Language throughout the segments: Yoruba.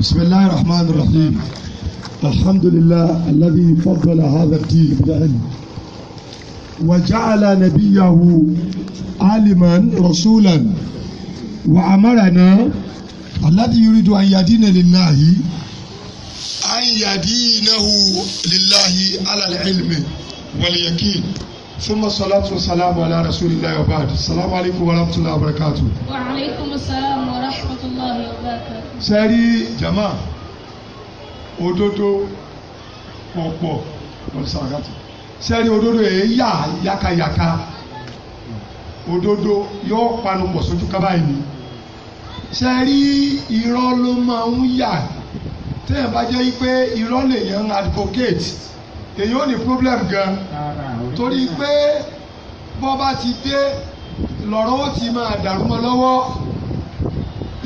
بسم الله الرحمن الرحيم الحمد لله الذي فضل هذا الدين بالعلم وجعل نبيه عالما رسولا وأمرنا الذي يريد أن يدين لله أن يدينه لله على العلم واليقين ثم الصلاة والسلام على رسول الله وبعد السلام عليكم ورحمة الله وبركاته وعليكم السلام ورحمة الله وبركاته سيري جماعة. òdodo pọ̀pọ̀ ọ̀sàgàtì sẹ́rí òdodo yẹn yà yakayaka òdodo yóò panu pọ̀ sójú kaba yìí ni sẹ́rí irọ́ ló máa ń yà tẹ́yìn bá jẹ́ pé irọ́ lèèyàn advocate èyí ò ní problem gan-an torí pé bọ́ bá ti dé lọ́rọ̀ ó ti máa dàrú mọ́ lọ́wọ́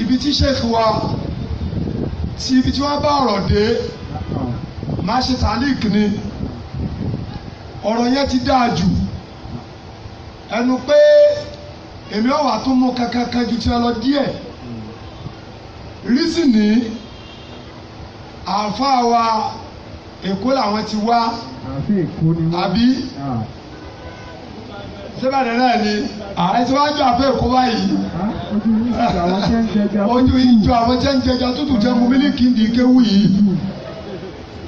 ibi tí sheikh wa ti ibi tí wọ́n bá ọ̀rọ̀ dé máa ṣe talik ni ọ̀rọ̀ yẹn ti dáa jù ẹnu pé èmi ọ̀wà tó mú kankan ju ti lọ díẹ̀ rísìnì àáfàá wa èkó làwọn ti wá àti èkó ni wọ́n. àbí sẹ́bàdàn ah. náà ni àìsí ah. wàá jọ àfẹ́ èkó báyìí. Ah, ojú ìjọ àwọn tí ń jẹjà tútù jẹ mu mílíkì ń di kéwù yìí.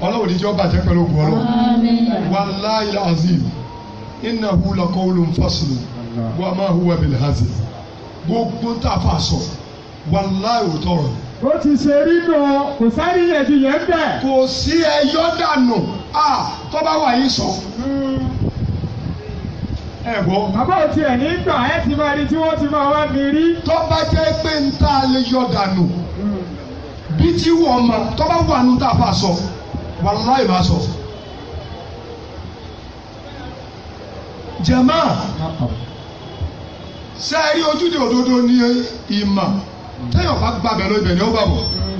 ọlọ́run níjọ́ bàjẹ́ pẹ̀lú ògùn ọlọ́run. wàláyé azim innahu laqawlun fasl wa ma huwa bil hazil gbogbo ń tà fà sọ wàláyé òótọ́ rẹ̀. ó ti ṣe rí nù kò sáré yẹ̀dìyẹ̀ ń bẹ̀. kò sí ẹyọ dànù ah tó bá wà yín sọ. ẹ gbọ́. bàbá ò tiẹ̀ nígbà ẹ ti máa di tí wọ́n ti máa wá mi rí. tó bá jẹ́ pé ń tá a lè yọ dànù bí tí wọ́n mọ̀ tó bá wà nù tá a fà sọ wàlúwàá ìbá sọ. jẹ̀má ṣe é rí ojúde òdodo ní ìmọ̀ téèyàn bá gbàgbẹ́ lọ ibẹ̀ ni ó bọ̀.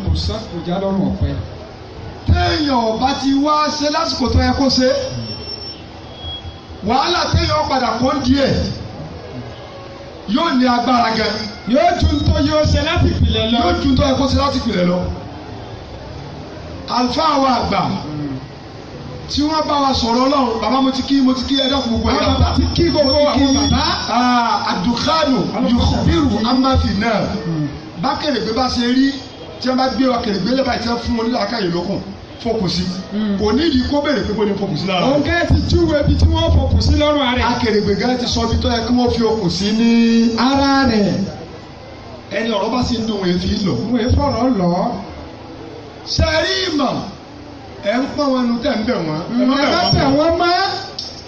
kò sá kò já lọ́rùn ọ̀pẹ téèyàn ọba ti wá ṣe lásìkò tó yẹ kó ṣe wàhálà téèyàn padà kó ń di ẹ̀ yóò ní agbára gan. yóò ju tó yóò ṣe láti ìpìlẹ̀ lọ. yóò ju tó yẹ kó ṣe láti ìpìlẹ̀ lọ. àlùfáà wa àgbà tí wọ́n bá wa sọ̀rọ̀ ọlọ́run bàbá mo ti kí mo ti kí ẹ̀dá fún gbogbo ẹ̀dá. bàbá ti kí gbogbo àwọn bàbá. àdùkánù yòkùbírù amáfì náà hmm. bá kèrègbé bá ṣe rí tí wọ́n bá gbé wa kèrègbé lẹ́bàá ìtẹ́ fún wọn nílò àkàyè lókun fokùn sí. Hmm. kò nídìí kó béèrè pé bóni fokùn sí òun kẹ́ ti júwe ibi tí wọ́n fokùn sí lọ́rùn rẹ̀. akèrègbè gan ti sọ ibi tó yẹ kí wọ́n fi okùn sí ní ara rẹ̀. ẹni ọ̀rọ̀ bá sì ń dùn wọ́n fi lọ. wọ́n fọ̀rọ̀ lọ. sẹ́rí ìmọ̀ ẹ̀ ń pọ́n wọn nu tẹ̀ ń bẹ̀ wọ́n. ẹ má bẹ̀ wọ́n mọ́.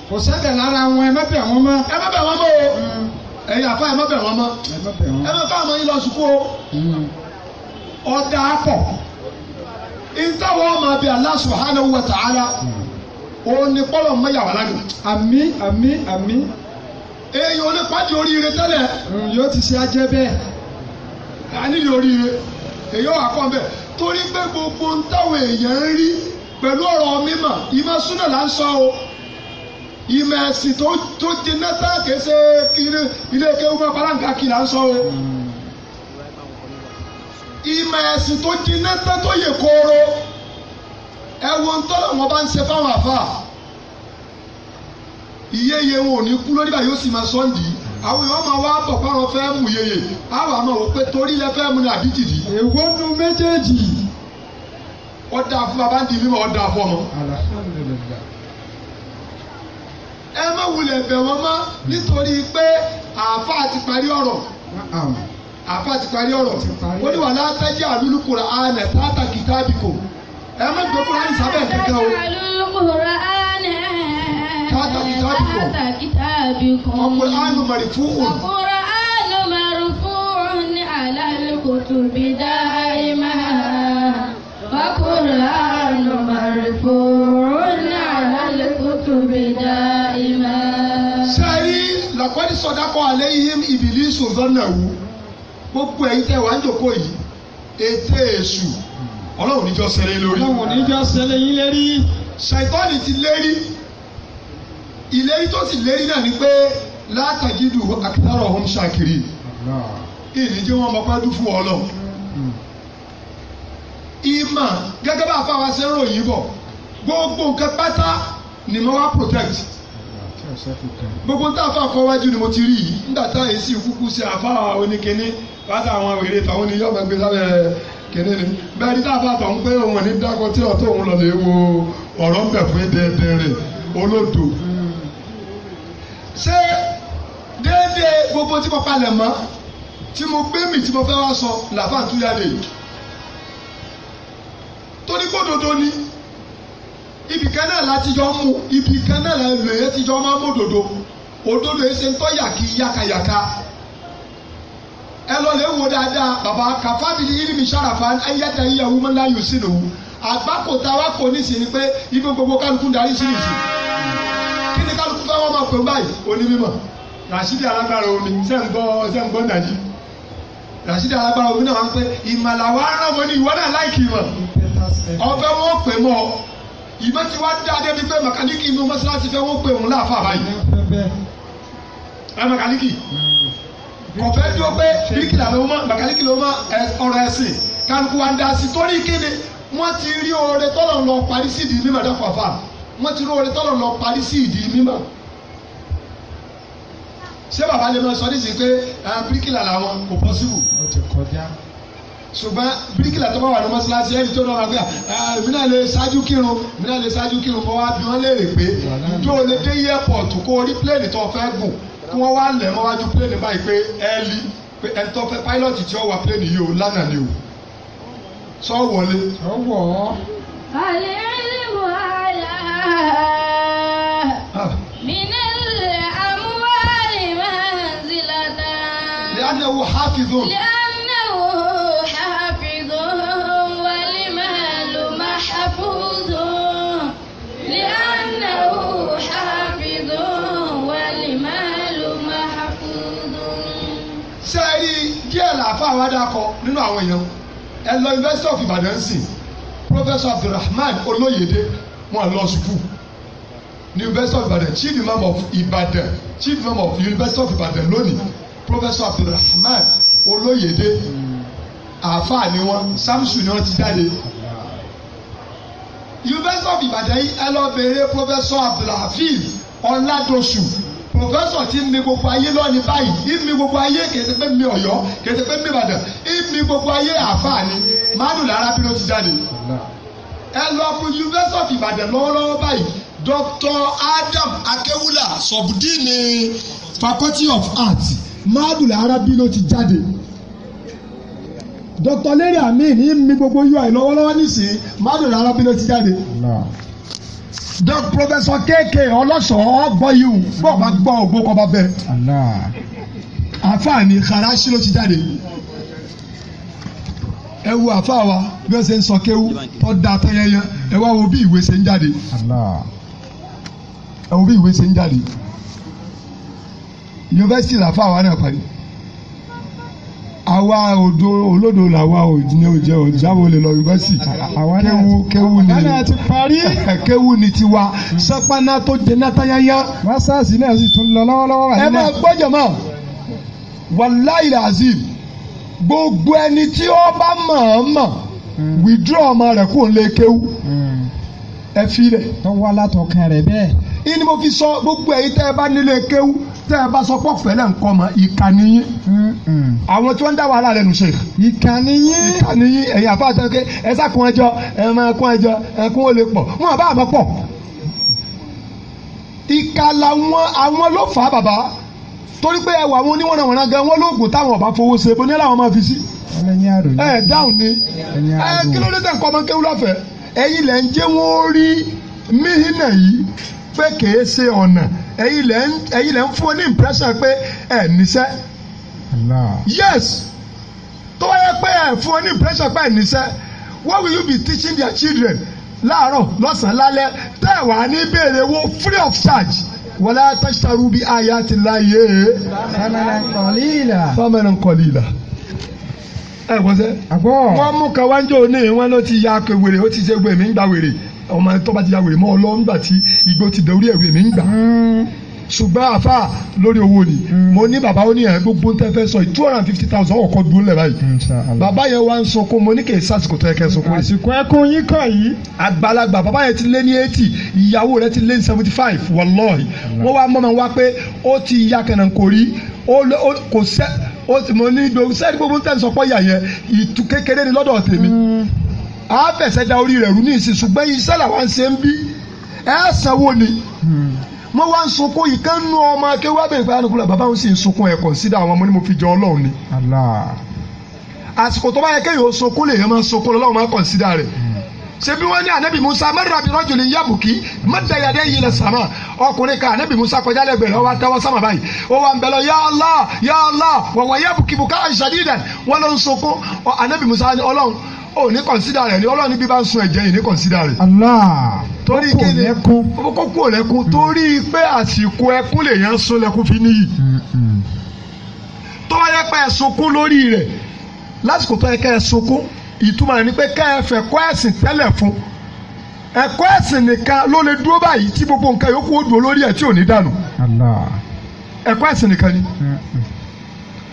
kò sẹ́dẹ̀ lára wọn ẹ má bẹ̀ wọ́n mọ́. ẹ má bẹ̀ wọ́n mọ́ o. Hmm. ẹ̀yin àfa ẹ má bẹ̀ wọ́n mọ́. ẹ má bẹ̀ wọ́n. ẹ má fáwọn yín lọ sùkúrò. Hmm. ọ̀dà pọ̀ ìtawọ́ ọmọ abẹ́ Allah subhanahu wa ta'ala òun ni pọ́lọ̀ mọ́yàwó lánàá. àmín àmín àmín. èèyàn olè pàdé oríire tẹ́lẹ̀. Mm, yóò ti ṣe ajẹ́ bẹ́ẹ̀. a nílò oríire èèyàn wà kọ́ bẹ́ẹ̀ torí pé gbogbo ń táwọn èèyàn ń rí pẹ̀lú ọ̀rọ̀ mímọ̀ ìmọ̀ súnà là ń sọ o ìmọ̀ ẹ̀sìn tó jiná tá kèsè ilé kéwọ́n paráǹkà là ń sọ o. Mm ìmọ̀ ẹ̀sìn tó jiná tán tó yè kooro ẹ̀wọ̀n tó làwọn bá ń ṣe fáwọn àfa ìyẹ́yẹ wọn ò ní kú lórí báyìí ó sì máa sọ́ǹdì àwọn èèyàn máa wá bọ̀ fáwọn fẹ́ mú yeye àwọn àmọ́ wò pé torí lẹ fẹ́ mú ní àbí tìdí. èwo nu méjèèjì. ọ̀dà fún baba ń di mímọ́ ọ̀dà fún ọmọ. ẹ má wulẹ̀ bẹ̀ wọ́n mọ́ nítorí pé àáfàá ti parí ọ̀rọ̀ àfa ti parí ọ̀rọ̀ ó ní wàhálà tájì àlùlùkùrà ànà tààtà kìtàbìkò ẹ má gbé kúrò ní sábẹ́ kankan o. tààtà kìtàbìkò ọkùnrin àánú mari fún un. ọkùnrin àánú mari fún un ní àlàlùkùtù bí dáhàmà ọkùnrin àánú mari fún un ní àlàlùkùtù bí dáhàmà. sẹ́yìn làkọ́ni sọ̀dákọ̀ àlẹ́ yìí ìbílí sùn zọ́nà wù. gbogbo ẹ̀yin tẹ́ wà ń jòkó yìí ètè èṣù ọlọ́run níjọ́ ṣẹlẹ̀ lórí. ọlọ́run yín lérí. ṣàìtọ́nì ti lérí ìlérí tó ti lérí náà ni pé látàgídù akitaro ọ̀hún ṣàkiri ìní jẹ́ wọn fún ìmọ̀ gẹ́gẹ́ bá gbogbo nǹkan pátá ni mo protect gbogbo ni mo ti rí yìí èsì kúkú pátá àwọn wèrè tọ̀hún ni yọ̀ọ́ gbẹgbẹ sábẹ́ kìnìún ni bẹ́ẹ̀ ní sábà tọ̀hún pé òun ní dákọ̀ tí ọ̀tọ̀ òun lọ lè wo ọ̀rọ̀ ń bẹ̀ fún dẹ́ẹ̀dẹ́rẹ̀ olódò. ṣé déédéé gbogbo tí mo palẹ̀ mọ́ tí mo gbé mi tí mo fẹ́ wá sọ làbá àtúnyàdé torí kó dodo ni ibì kan náà láti jọ mú ibì kan náà lè ti jọ máa mú òdodo òdodo yìí ṣe ń tọ́ yàkí yàkàyàkà ẹ lọ lè wo dáadáa bàbá kàfábìlì yìí mi ṣàràfà ayẹta yìí àwọn ọmọlá yóò sí nìwú àgbákòtà wa kò ní sí ni pé ibi gbogbo kálukú darí sí nìsí kí ni kálukú fẹ́ wọ́n máa pè báyìí onímọ̀ Rashidi alágbára omi sẹ́ǹgbọ́ sẹ́ǹgbọ́ nàjí Rashidi alágbára omi náà wá ń pé ìmọ̀lá wa rán wọn ní ìwọ náà láìkì ìmọ̀ ọbẹ̀ wọn pè mọ́ ìmọ̀ tí wá dá débi pé mẹkáníkì inú mọ́ṣáláṣí kọ̀fẹ́ dúró pé bíríkìlà ló mọ̀ bàkàlíkì ló mọ̀ ọ̀rọ̀ ẹ̀sìn kálukú wa ń da sí torí kéde wọ́n ti rí oore tọ́lọ̀ lọ parí sí ìdí mímọ̀ dákọ̀ fà wọ́n ti rí oore tọ́lọ̀ lọ parí sí ìdí mímọ̀ ṣé bàbá lè máa sọ ní sìn pé bíríkìlà làwọn kò pọ́sibù. ó ti kọjá. ṣùgbọ́n bíríkìlà tó bá wà ní mọ́ṣáláṣí ẹni tó lọ́ra pé èmi náà lè ṣáájú kírun èmi náà lè ṣáájú kírun bọ́ wá bí wọ́n léèrè pé ìjọ́ olè dé airport kó orí pléènì tó fẹ́ gùn kí wọ́n wá lẹ̀ mọ́wájú plane báyìí pé ẹ́ẹ́lí pé ẹni tó fẹ́ pilot tí ó wà plane yìí ó lánàá ni o sọ wọlé. sọ wọ. àlẹ́ ẹni mo àyà mi nílẹ̀ amúhálì máa ń zìlà náà. lẹ́yìn náà wò hákìzó. ṣe é rí díẹ̀ làáfà wa dákọ nínú àwọn èèyàn ẹ lọ university of Ibadan sí professor Abdulrahman Olóyèdé wọn lọ sùkúù ní university of Ibadan chief imam of Ibadan chief imam of university of Ibadan lónìí professor Abdulrahman Olóyèdé àáfà ni wọn Samson ni wọn ti jáde university of Ibadan yìí ẹ lọ bèrè professor Abdulhafiz Ọládọ̀sù pòfẹ́sọ̀ tí mi gbogbo ayé lọ́ni báyìí mi gbogbo ayé kèsì pé mi ọ̀yọ́ kèsì pé mi ìbàdàn mi gbogbo ayé àáfàá ni mádùn lára bí ló ti jáde. ẹ lọ fún yunifásitì of ìbàdàn lọ́wọ́lọ́wọ́ báyìí Dr. Adam Akewula sọ̀bùdíìnì faculty of arts mádùn lára bí ló ti jáde. Dr. Larry Amin mi gbogbo UI lọ́wọ́lọ́wọ́ nísìnyí mádùn lára bí ló ti jáde doc professor kk ọlọ́sọ̀ọ́ gbọ́ yìí o ọba gbọ́ ògbó kọba bẹ́ẹ̀. àfààní karachi ló ti jáde ẹ wo bí wọ́n ṣe ń sọ kéwú tó da tó yẹnyẹ wo bí ìwé ṣe ń jáde ẹ bí ìwé ṣe ń jáde yunifásitì làfàá náà parí àwa odo olódo làwa òjìní òjẹ òjáwó lè lọ yunifásitì kéwu kéwu ni kéwu ni tiwa sápáná tó jẹ nátayáyá. mọ́sáàsì náà sì tún lọ lọ́wọ́lọ́wọ́. ẹ máa gbọ́dọ̀ mọ́ wàláì làzim gbogbo ẹni tí ó bá mọ̀ ọ́n mọ̀ withdraw ọmọ rẹ̀ kó lè kéwu ẹ fi rẹ̀. tọ́wọ́ látọkàn rẹ̀ bẹ́ẹ̀ yín ni mo fi sọ gbogbo ẹ̀yin tẹ́ ẹ bá nílé kéwú tẹ́ ẹ bá sọ pọ̀ fẹ́lẹ̀ nǹkan mọ̀ ìkànnì yín. àwọn tí wọ́n ń dá wàhálà rẹ̀ nù ṣe. ìkànnì yín. ìkànnì yín ẹ̀yin àfa àti ẹ̀kẹ́ ẹ sá kún ẹjọ́ ẹ máa kún ẹjọ́ ẹ kún ó lè pọ̀ wọn àbá àmọ́ pọ̀. ìka làwọn àwọn ló fà á bàbá torí pé ẹwà àwọn oníwọ̀nàwọ̀nà gan wọn lóògùn táwọn ọba fowó ṣe bó ní làwọn máa fi sí. ẹ dáhùn ni ẹ kí ló dé tẹ̀ ń ọmọ kéwú lọ́fẹ̀ẹ́ ẹ̀yin lẹ́ ń jẹ́ wọ́n rí míhínà yìí pé kèé ṣe ọ̀nà ẹ̀yin lẹ́ ń fún ní impression pé ẹ̀ níṣẹ́. yes tó wáyé pé ẹ̀ fún ní impression pé ẹ̀ níṣẹ́ what will you be teaching their children láàárọ̀ lọ́sàn-án lálẹ́ tẹ́ ẹ̀ wá ní béèrè wo free of charge wọlé atẹ́sítárú bí aya ti láyé. samanan kọlíìlà. samanan kọlíìlà. ẹ gbọ́dọ̀ wọ́n mú kawájú òní wọn ló ti ya kewere ó ti ṣe gbèmí gbà wèrè ọmọ tó bá ti ya wèrè mọ́ ọ lọ nígbà tí igbó ti dẹ orí ẹ̀rù èmi ń gbà ṣùgbọ́n àfa lórí owó ni mo ní bàbá ó gbogbo ń tẹ́fẹ́ sọ two hundred and fifty thousand ọkọ̀ dúró lẹ̀ báyìí bàbá yẹn wá ń sunkún mo ní kì í sàsìkò tó yẹ kẹ́ sunkún yìí. àsìkò ẹkún yín kọ yìí. àgbàlagbà bàbá yẹn ti lé ní eighty ìyàwó rẹ̀ ti lé ní seventy five wàlọ́ọ̀hì wọ́n wá mọ́ mi wá pé ó ti ya kẹ̀nà kò rí kò sẹ́ mo ní gbogbo sẹ́ni gbogbo ń tẹ̀ sọ́pọ̀ yà yẹn ìtú kékeré ni lọ́dọ̀ tèmi mm a fẹsẹ̀ da orí rẹ̀ rú ní ìsìn ṣùgbọ́n iṣẹ́ làwọn ṣe ń bí ẹ sanwó ni mo wá ń sunkún yìí kán nu ọmọ akéwà bẹ̀rẹ̀ fún anukula bàbá òun sì ń sunkún ẹ̀ kọ̀nsídà àwọn ọmọ ni mo fi jọ ọlọ́run ni. àsìkò tó bá yẹ kéèyàn sunkún lè yẹn máa sunkún lọ́wọ́ máa kọ̀nsídà rẹ̀ ṣé bí wọ́n ní anabi musa mẹ́rin àbí rọ́jò ní yabuki mẹ́tẹ̀yàdé yìí lẹ̀ sàmà ọkùnrin kan anabi musa kọjá lẹ́gbẹ̀ẹ́ lọ́wọ́ àtẹwọ́ sàmà báyìí ó wà ń bẹ lọ ya Allah ya Allah wọ̀wọ̀ yabuki bukara ṣadídàn wọ́n ló ń sunkún anabi musa ọlọ́run ò ní kọ̀nsídà rẹ̀ ni ọlọ́run níbi bá ń sun ẹ̀jẹ̀ yìí ní kọ̀nsídà rẹ̀. torí kéde kókó kò lẹ́kún torí pé àsìkò ẹkún lè yẹn sun lẹ́kún fi níyì tó bá yẹ pé ẹ sunkún lórí rẹ̀ lásìkò tó yẹ kẹ́ ẹ sunkún ìtumọ̀ rẹ̀ ni pé kẹ́ ẹ fẹ́ kọ́ ẹ̀sìn tẹ́lẹ̀ fún ẹ̀kọ́ ẹ̀sìn nìkan ló lè dúró báyìí tí gbogbo nǹkan yòókù ó dúró lórí ẹ̀ tí ò ní dànù ẹ̀kọ́ ẹ̀sìn nìkan ni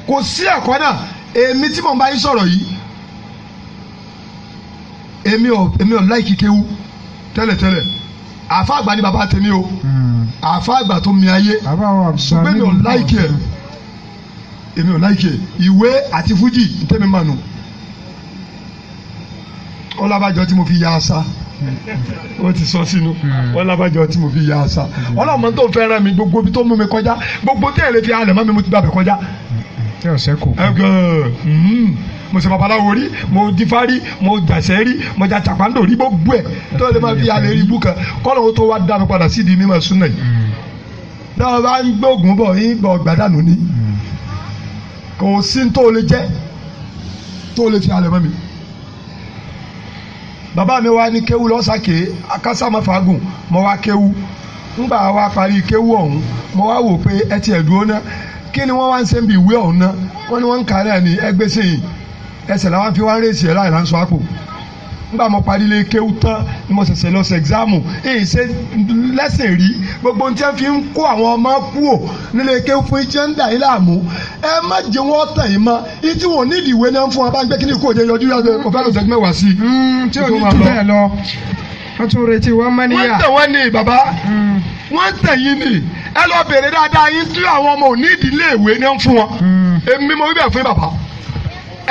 kò sí ẹ̀kọ́ náà èmi tí mò ń bá yín sọ̀rọ̀ yìí èmi ò èmi ò láì kíkéwu tẹ́lẹ̀tẹ́lẹ̀ àfa àgbà ni bàbá tèmi o hmm. àfa àgbà tó mi ayé ṣùgbọ́n èmi ò láì kí ẹ̀ èmi ò láì kí ẹ̀ ìwé àti fújì ntẹ́mi mà nù ọlábàjọ tí mo fi ya asa wọ́n hmm. ti sọ sínú wọ́n hmm. lábàjọ tí mo fi ya asa ọlọ́mọ tó fẹ́ràn mi gbogbo bí tó mú mi kọjá gbogbo tẹ́lẹ̀ fi alẹ̀ mọ́ mi mo ti bàbẹ̀ kọjá. ẹ ọ̀sẹ̀ kò mo ṣe babaláwo rí mo dífá rí mo jàṣẹ́ rí mo jà tàpáńdò rí gbogbo ẹ̀ tó lè máa fi alẹ́ rí ibú kan kọ́nà ó tó wá dá mi padà sídìí mímọ̀ súnà yìí náà bá ń gbóògùn bọ̀ yín bọ̀ gbàdánù ni kò sí tó lè jẹ́ tó lè fi alẹ́ mọ́ mi bàbá mi wá ní kéwú lọ́sàkè akásámọ́fàgùn mo wá kéwú ńgbà wá parí kéwú ọ̀hún mo wá wò pé ẹ tiẹ̀ dúró ná kí ni wọ́n wá ń ṣe ìwé ọ̀hún ná wọ́n ní wọ́n ń kà náà ẹgbẹ́ sẹ́yìn ẹsẹ̀ làwọn fi wá rèsì ẹ̀ láì ránṣọ àpò nígbà mo parí lé kéwú tán ni mo ṣẹ̀ṣẹ̀ lọ sí ẹ̀gzáàmù èyí ṣe lẹ́sìn rí gbogbo ohun tí wọ́n fi ń kó àwọn ọmọ kúò nílé kéwú fún iṣẹ́ ń dà yín láàmú ẹ má jẹ́ wọ́n tàn yín mọ́ ìtí wọn nídìí ìwé náà ń fún wọn bá ń gbé kíní kó jẹ yọjú yọjú mo fẹ́ lọ sẹ́jú mẹ́wàá sí i. Hmm, tí o ní jù bẹ́ẹ̀ lọ wọ́n tún retí wọ́n mọ́ níyà. wọ́n tẹ̀ wọ́n ní bàbá hmm. wọ́n tẹ̀ yín ní ẹ lọ bèrè dáadáa yín tí àwọn ọmọ òní ìdílé ìwé náà ń fún wọn hmm. èmi mo wí bẹ́ẹ̀ fún bàbá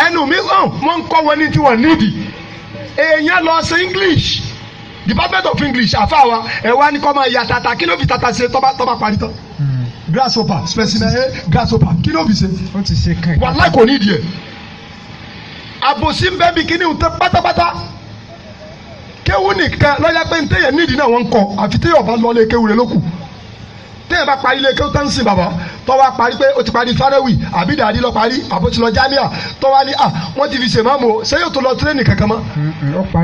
ẹnu mi hàn wọ́n ń kọ́ wọn ní tí wọ́n nídìí èèyàn lọ sí English Department of English àfa wa ẹ wá ní kọ́ máa ya tata kí ló fi tata ṣe tọ́ba tọ́ba parí tán hmm. grasshopper specimen a grasshopper kí ló fi ṣe wàhálà kò ní ìdí ẹ̀ àbòsí ń bẹ́ẹ̀ bí kíní ń tẹ pátápátá kéwú nìkan lọ́yà pé ntẹ́yẹ̀ nídìí náà wọ́n ń kọ́ àfi téèyàn bá lọ lé kéwú rẹ̀ lókù téèyàn bá parí lé kéwú tán bàbá tó wá parí pé o ti parí fáráwì àbí dàdí lọ parí àbótilọ jámíà tó wá ní à wọ́n ti fi ṣe máàmù o ṣé yóò tó lọ tírénì kankan mọ́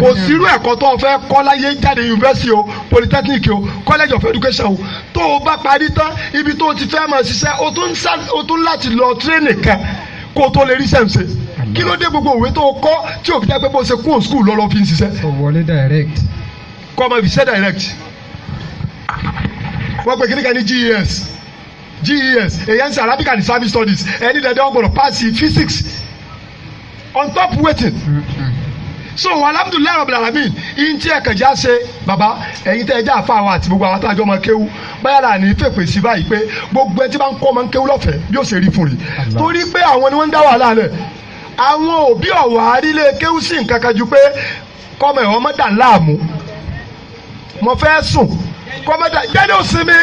kò sírú ẹ̀kọ́ tó o fẹ́ kọ́ láyé jáde yunifásitì o polytechnic o college of education o tó o bá parí tán ibi tó o ti fẹ́ máa ṣiṣẹ́ o tún láti lọ tírénì kan kó o tó lè rí sẹ́ǹsì kí ló dé gbogbo òwe tó o kọ́ tí o fi jẹ́ pé bó ṣe kúrò skul lọ́lọ́ fi ń ṣiṣẹ́. o wọlé direct. kọ́ ọ ma fi ṣe direct. wọ́n pe kíníkà ní GES ges ANC arabic and islamic studies ẹni dẹdẹ wọn gbọ́dọ̀ pass physics on top wetin so alhamdulilayi rabil alamin iye tí ẹ kẹjá ṣe baba ẹ̀yin tẹ ẹ jẹ àfa wa àti gbogbo àwọn àtàjọ ọmọ kéwú báyà là ní fèpè sí báyìí pé gbogbo ẹ ti bá ń kọ́ ọmọ kéwú lọ́fẹ̀ẹ́ bí ó ṣe rí fún rí torí pé àwọn ni wọ́n ń dá wàhálà rẹ̀ àwọn òbí ọ̀wọ́ àrílé kéwú sí nǹkan kan ju pé kọ́mọ ẹ̀họ́ mọ́ dà láàmú mo fẹ́ sùn kọ́mọ dà jẹ́ni òsinmi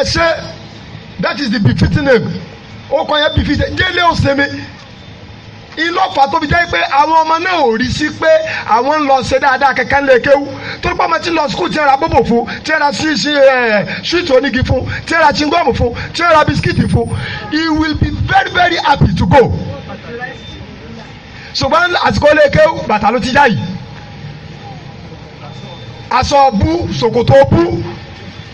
ẹ ṣe that is the befitting name ó kọ yẹn befitting délé òsèmi ìlọ́fà tó fi jẹ́ pé àwọn ọmọ náà ò rí sí pé àwọn ń lọ ṣe dáadáa kẹ̀kẹ́ ńlẹ̀ kéwú torí pé ọmọ tí ń lọ skul tí ń ra bóbò fún tí ń ra ṣíìtì onígi fún tí ra chingom fún tí ra bisikíìtì fún he will be very very happy to go ṣùgbọ́n àsìkò lè kéwú bàtà ló ti dá yìí aṣọ bú ṣòkòtò bú.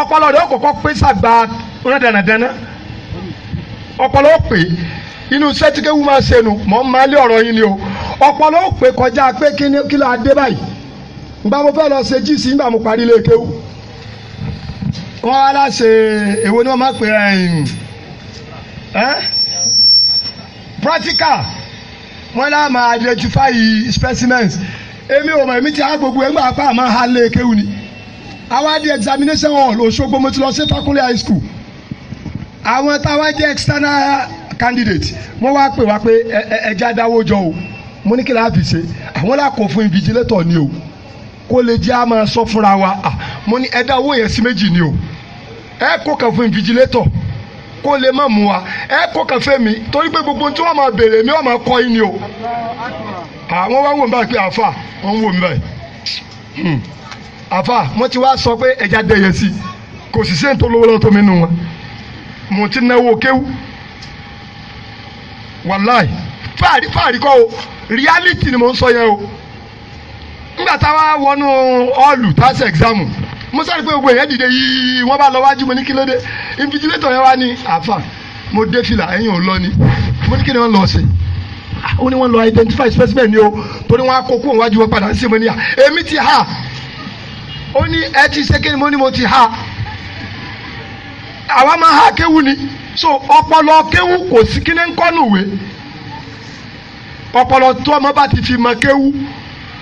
ọpọlọ rẹ ọkọ̀ọ̀kọ̀ pé sàgbà rándànàdànà ọpọlọ ó pè inú sẹ́tíkẹ́ wù máa ṣe nu mọ̀ ń máa lé ọ̀rọ̀ yín ni o ọpọlọ ó pè kọjá pé kí ló adé báyìí nígbà mo fẹ́ lọ ṣe jíìsì nígbà mo parí ilé kéwù wọ́n wá láṣẹ èwo ni wọ́n máa pè ẹ́ practical wọ́n lá máa identify specimens èmi ò mọ̀ èmi ti há gbogbo ẹ̀ ń pa àmọ́ há lé kéwù ni àwa di examination hall Òṣogbo mo ti lọ sí Fakunle high school àwọn táwa jẹ́ external candidate wọ́n wá pè wá pé ẹja dáwọ́ jọ o mo ní kí láàbì ṣe àwọn làkọ̀ fún invigilator ni o kó lè jẹ́ a sọ fúnra wa mo ní ẹ̀dá owó yẹn sí méjì ni o ẹ kó kàn fún invigilator kó lè má mú wa ẹ kó kàn fẹ́ mi torí pé gbogbo tí wọ́n máa béèrè mi wọ́n máa kọ́ yín ni o àwọn wá wò mí báyìí pé àáfà wọ́n wò mí báyìí. Hmm àfà wọn ti wá sọ pé ẹja dẹyẹ sí kò sì sí ètò olówó lọ́tọ́ mi nù wọn mo ti náwó kéwù wàláì fáàrí fáàrí kọ́ o reality ni mo ń sọ yẹn o nígbà táwa wọnú ọ́ọ̀lù tásì ẹ̀gzámù mo sáré pé gbogbo èèyàn dìde yìí wọ́n bá lọ wájú mo ní kí ló dé invigilator yẹn wá ní àfà mo dé fìlà ẹ̀yìn ò lọ ni mo ní kí ni wọ́n lọ sí ó ní wọ́n lọ identify specimen ni o torí wọ́n á kó kó wájú wọn padà sí mo ní à èmi ti hà ó ní ẹ ti ṣe ni mo ní mo ti ha àwa máa ha kéwu ni so ọpọlọ kéwu kò sí kí ni ń kọ́ nùwé ọpọlọ tó ọmọ bá ti fi mọ kéwu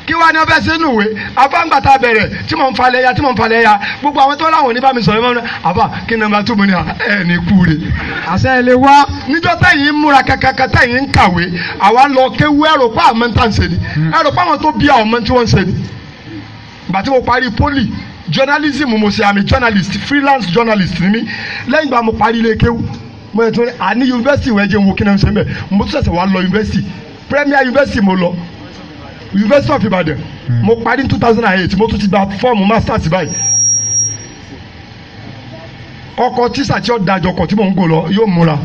kí wàá ní ọbẹ̀ sínú ìwé abáǹgbà tá a bẹ̀rẹ̀ tí mò ń falẹ̀ ya tí mò ń falẹ̀ ya gbogbo àwọn tó láwọn oníbàmí sọ̀rọ̀ mọ́ ní àbá kí ni màá túmọ̀ ní ah, ẹ̀ ní kú rè. àṣẹ ẹ lè wá. níjọ́ táyì ń múra kankan táyì ń kàwé àwa lọ kéwú ẹ̀rọ pa àmọ́ ń ń ṣe hmm. ẹ̀rọ pa àwọn tó bí àwọn tí wọ́n ń ṣe gbàtí mo parí poli journalism mo ṣe àmì journalist freelance journalist ni mí lẹ́yìn ìgbà mo parí ilé kéwú mo yẹ tó ní àní yunifásitì wẹ́ẹ́ jẹ́ wo kí náà ń ṣe mẹ́ mo tún ṣẹ̀ṣẹ̀ wá lọ yunifásitì premier yunifásitì mo lọ yunifásitì of Ibadan hmm. mo parí two thousand and eight mo tún ti gba fọ́ọ̀mù masters báyìí ọkọ̀ tíṣà tí ó dájọ́ ọkọ̀ tí mò ń gò lọ yóò múra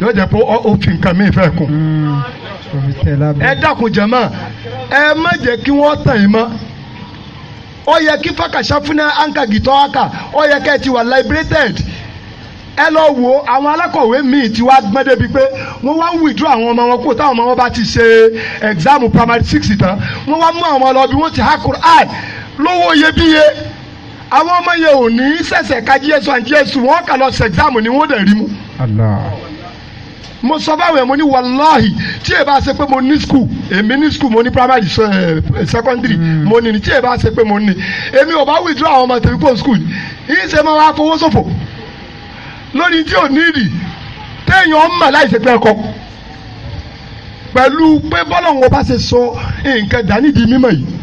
yóò jẹ́ pé ó fi nǹkan mi fẹ́ kù hmm. ẹ dákun jẹ́ mọ́ ẹ má jẹ́ kí wọ́n tàn yín mọ́ ó yẹ kí fàkàṣàfúnà anka gìtọ́ aka ó yẹ kẹ́ ti wà liberated ẹ lọ wo àwọn alákọ̀wé míì tí wàá gbọ́n débi pé wọ́n wá ń àwọn ọmọ wọn kó táwọn ọmọ wọn bá ti ṣe exam primary six tán wọ́n wá mú àwọn ọmọ lọ bí wọ́n ti há Quran lówó iyebíye àwọn ọmọ yẹn ò ní sẹ̀sẹ̀ ka jésù àti jésù wọ́n kà lọ ṣe exam ni wọ́n dẹ̀ rí mu. Allah mo sọ fáwọn ẹ̀ mo ní wàláhì tí ẹ bá ṣe pé mo ní skul èmi ní skul mo ní primary eh, secondary hmm. mo ní ní tí ẹ bá ṣe pé mo ní èmi ò bá withdraw àwọn ọmọ tèmi kó skul yìí ṣe máa wá fowó ṣòfò lónìí tí ò ní téèyàn mọ̀ láì ṣe pé ẹ̀kọ́ pẹ̀lú pé bọ́lọ̀ wọn bá ṣe sọ nǹkan dání di mímọ̀ yìí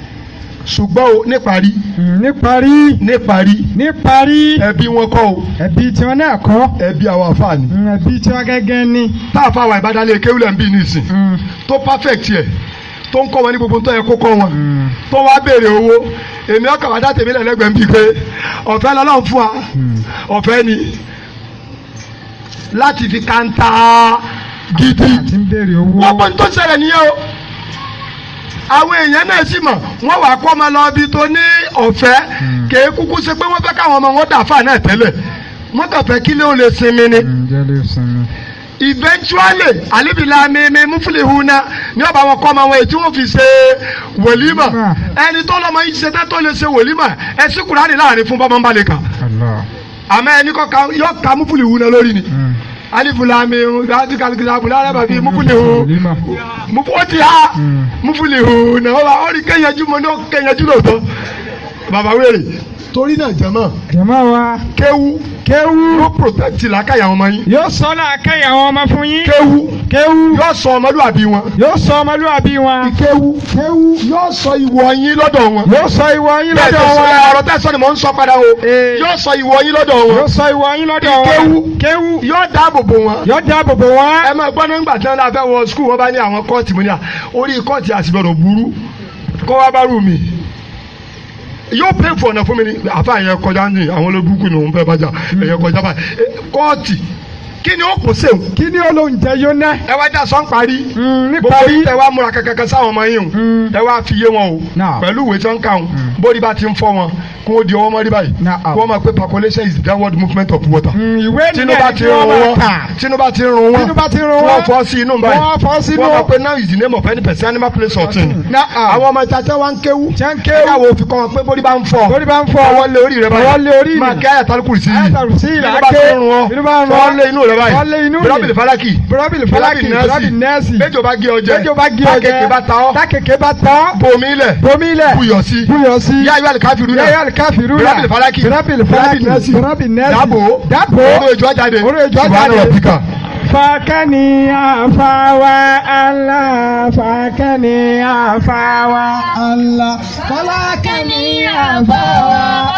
ṣùgbọ́n o níparí. Hmm, níparí. níparí. níparí. ẹbí wọn kọ́ o. ẹbí tiwọn náà kọ́. ẹbí àwọn afa ni. Hmm, ẹbí tiwọn gẹ́gẹ́ ni. tá a fa àwọn ìbádálẹ̀ kéwìlẹ̀ ń bí nìsín. Hmm. tó perfect yẹ tó ń kọ́ wọn ní gbogbo tó yẹ kó kọ́ wọn. tó wá béèrè owó èmi ọkọ̀ wá dá lẹ́lẹ́gbẹ̀ẹ́ ń bí pé ọ̀fẹ́ lọ́lọ́run fún wa ọ̀fẹ́ ni láti fi kanta gidi. wọ́n pọ̀ ní tó ṣẹlẹ̀ nìyẹn o àwọn èèyàn náà sì mọ̀ wọ́n wàá kọ́ ọmọ lọ ibi tó ní ọ̀fẹ́ hmm. kèé kúkú ṣe pé wọ́n fẹ́ káwọn ọmọ wọn dàáfà náà tẹ́lẹ̀ wọ́n kàn fẹ́ kí lé ó lè sinmi ni. Hmm, eventually alibila mímí mufilihuna ní ọba wọn kọ́ ọmọ wọn èyí tí wọ́n fi ṣe wòlímọ̀ hmm. ẹni tó lọ́mọ yìí ṣe tán lè ṣe wòlímọ̀ ẹ sí Kùránì láàrin fún bọ́mọ́ balẹ̀ kan àmọ́ ẹni kọ́ yọ ká mufilihuna lórí ni. Mm alifulamiru dati kalikilabu laraba bi mufulihu mufotiha hmm. mufulihu na ọba ọri kẹyẹju mọ ní ọkẹyẹju lọ́tọ̀ baba wẹrẹ torí náà jama. jama wa. kéwú. kéwú. yóò protect làákàyà àwọn ọmọ yín. yóò sọ làákàyà àwọn ọmọ fún yín. kéwú. kéwú. yóò sọ ọmọlúwàbí wọn. yóò sọ ọmọlúwàbí wọn. kéwú. kéwú. yóò sọ ìwọ yín lọ́dọ̀ wọn. yóò sọ ìwọ yín lọ́dọ̀ wọn. ọ̀rọ̀ tẹ́ sọ ni mò ń sọ padà o. yóò sọ ìwọ yín lọ́dọ̀ wọn. yóò sọ ìwọ yín lọ́dọ̀ wọn. kéwú. kéwú. yóò dáàbò bò wọn. yóò dáàbò bò wọn. ẹ máa gbọ́ nígbà tí wọ́n la wọ skul wọn bá ní àwọn kọ́ọ̀tì mọ́ ní à orí kọ́ọ̀tì àtibọ̀dọ̀ burú kọ́ bá rù mí yóò pè fún ọ̀nà fún mi ni àfa yẹn kọjá ní àwọn olóbùkún ní òun fẹ́ bàjá ẹ̀yẹ kọjá báyìí eh, kóòtù kí ni ó kò sèw. kí ni olóúnjẹ yóò ná. ẹ wá já sọ́n parí. Hmm, ní parí gbogbo ẹ wá múra kankan sáwọn ọmọ yìí o. Hmm. ẹ wá fi yé wọn o. pẹ̀lú ìwé tí wọ́n ń kà wọn. Hmm. bóri bá ti ń fọ́ wọn kó o di ọwọ́ mọ́rí báyìí. kó o máa pe population is downward movement of water. ìwé nìyẹn ni wọ́n máa kà. tinubu ti ń run wọn. tinubu ti ń run wọn wọ́n fọ́ sí inú báyìí wọ́n fọ́ sí inú wọ́n mọ̀ now is the name of any person animal place or thing. àwọn ọmọ ìta tẹ́ wá ń kéwú tẹ́ ń kéwú ẹ̀ka wo fi kọ́ wọn pé bórí bá ń fọ́ bórí bá ń fọ́ wọ́n lé orí rẹ báyìí wọ́n lé orí rẹ máa kí ayàtà kùrù sí I inú bá tó ń rún ọ wọ́n lé inú rẹ báyìí bírọ́bìlì falaki bírọ́bìlì falaki nẹ́ẹ̀sì méjò bá gé ọjẹ méjò bá gé ọjẹ tákèké bá tọ́ bomi ilẹ̀ falaki bírọ́bìlì falaki nẹ́ẹ̀sì dábò dábò oró ìjọ jáde subahana rẹ̀ pika fakani afawa Allah fakani afawa Allah fakani afawa.